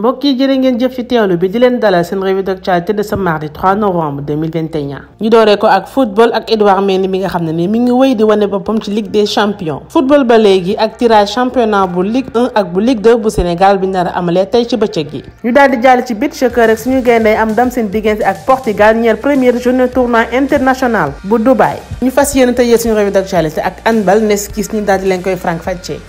mbokk yi jërë ngeen jëf fi teewlu bi di leen dalal seen revue d'actualité de ce mardi 3 novembre 2021 ñu ko ak football ak Edouard Mendy mi nga xam ne ni mi ngi wéy di wane boppam ci Ligue des champions football ba léegi ak tirage championnat bu Ligue 1 ak bu Ligue 2 bu Sénégal bi nar a amalee tey ci bëccëg yi ñu daal di jàll ci bit chëkkër rek suñu gayndey am dam seen diggante ak Portugal ñeer première journée tournoi international bu Dubaï ñu fas yéene tëjee suñu revue d'actualité ak handball nes kiis ñu daal di leen koy frank fàccee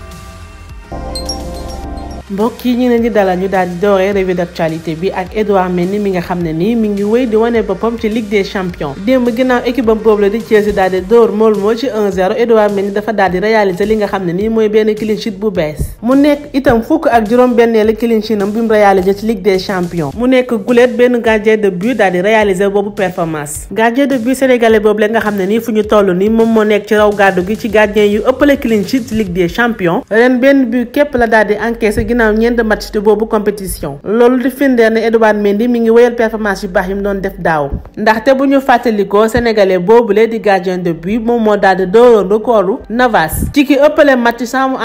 mbokk yi ñu leen di dalal ñu daal di dooree revue d'actualité bi ak Edouard Mendy mi nga xam ne nii mi ngi wéy di wane boppam ci Ligue des Champions démb ginnaaw équipe am boobu la di Chelsea daal di door Malmo ci 1-0 Edouard Mendy dafa daal réaliser li nga xam ne nii mooy benn clean sheet bu bees mu nekk itam fukk ak juróom benneelu clean sheet am bi mu réaliser ci Ligue des Champions mu nekk guléet benn gardien de but daal di réaliser boobu performance gardien de but sénégalais nga xam ne nii fu ñu toll nii moom moo nekk ci raw gi ci gardien yu ëppale clean sheet ci Ligue des Champions ren benn ginnaaw ñeent match te boobu compétition loolu di firndeel ne Edouard Mendy mi ngi wéyal performance yu baax yi mu doon def daaw ndaxte bu ñu fàttalikoo sénégalais boobule di gardien de but moom moo daal di dooroon recordu Navas ci ki ëppale match sans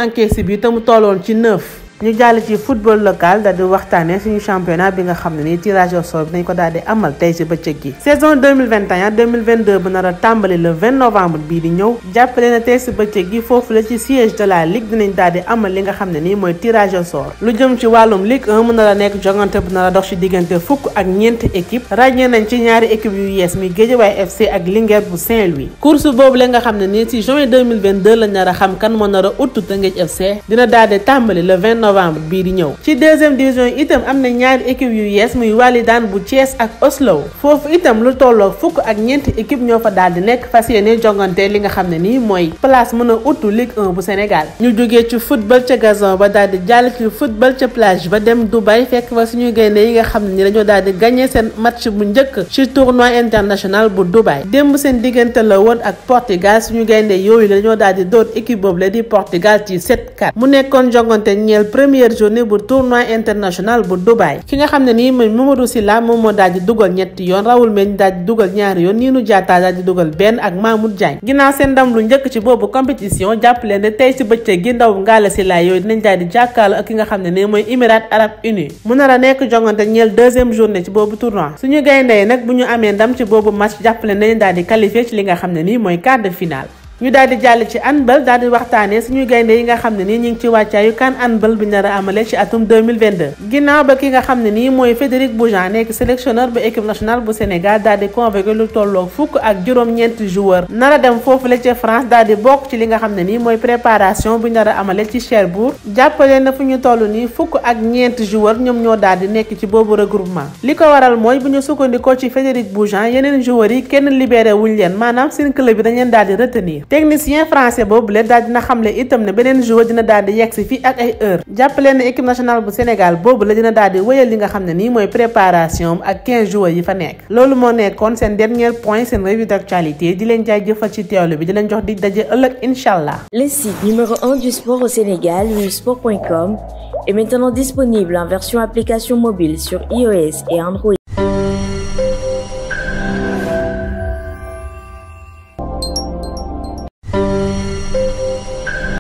bi te mu tolloon ci neuf. ñu jàll ci football local daal di waxtaanee suñu championnat bi nga xam ne nii tirage au sort bi nañ ko daal di amal tey si bëccëg gi saison 2021 2022 bu nar a tàmbali le 20 novembre bii di ñëw jàppale na tey si bëccëg gi foofu la ci siège de la ligue dinañ daal amal li nga xam ne nii mooy tirage au sort lu jëm ci wàllum ligue 1 mu nar a nekk jongante bu nar a dox ci diggante fukk ak ñeenti équipe ràññee nañ ci ñaari équipe yu yees mi Guédiawaye FC ak Linguère bu xam ne nii si juin 2022 lañ nar a xam novembre bii di ñëw ci deuxième division itam am na ñaari équipe yu yees muy Walidaan bu Thiès ak Oslo foofu itam lu tolloo fukk ak ñeenti équipe ñoo fa daal di nekk fas yéene jongante li nga xam ne ni mooy place mën a utu Ligue 1 bu Sénégal ñu jógee ci football ca gazon ba daal di jàll ci football ca plage ba dem Dubaï fekk fa suñu gaynde yi nga xam ne ni dañoo daal di gagné seen match bu njëkk ci tournoi international bu Dubaï démb seen diggante la woon ak Portugal suñu gaynde yooyu dañoo daal di dóor équipe boobu la di Portugal ci 7 première journée bu tournoi international bu Dubaï ki nga xam ne nii mooy Mamadou Sylla moom moo daal dugal ñetti yoon rawul Mendy daal di dugal ñaari yoon Ninou Diatta daal di dugal benn ak Mamoud Diagne ginnaaw seen ndam lu njëkk ci boobu compétition jàpp leen ne tey si bëccëg gi ndaw Ngalla Sylla yooyu dinañ daal di jàkkaarloo ak ki nga xam ne nii mooy Émirats Arabes Unis mu nar a nekk jongante ñeel deuxième journée ci boobu tournoi suñu gayndee nag bu ñu amee ndam ci boobu match jàpp leen nañ daal di qualifié ci xam ne nii mooy quart de ñu daal di jàll ci handball daal di waxtaanee suñuy gaynde yi nga xam ne nii ñu ngi ci wàccaayu kan handball bi nar a amale ci atum 2022 ginnaaw ba ki nga xam ne nii mooy Frédéric Boujan nekk sélectionneur ba équipe nationale bu Sénégal daal di convoqué lu tolloog fukk ak juróom-ñeenti joueur nar dem foofu la ci France daal di bokk ci li nga xam ne nii mooy préparation bi nar a amale ci Cherbourg jàppale na fu ñu toll nii fukk ak ñeenti joueur ñoom ñoo daal di nekk ci boobu regroupement li ko waral mooy bu ñu sukkandikoo ci Frédéric Boujan yeneen joueurs yi kenn libéré wuñ leen maanaam seen club bi dañ leen daal di retenir technicien français boobu le daal dina le itam ne beneen joueur dina daal di yegsi fii ak ay heure équipe nationale bu Sénégal boobu la dina daal di wéyal nga préparation ak 15 joueurs yi fa nekk loolu moo nekkoon seen dernier point seen revue d'actualité di leen jëfal ci teewlu bi di leen jox di daje ëllëg incha Le site numéro 1 du sport au Sénégal, newsport.com, est maintenant disponible en version application mobile sur iOS et Android.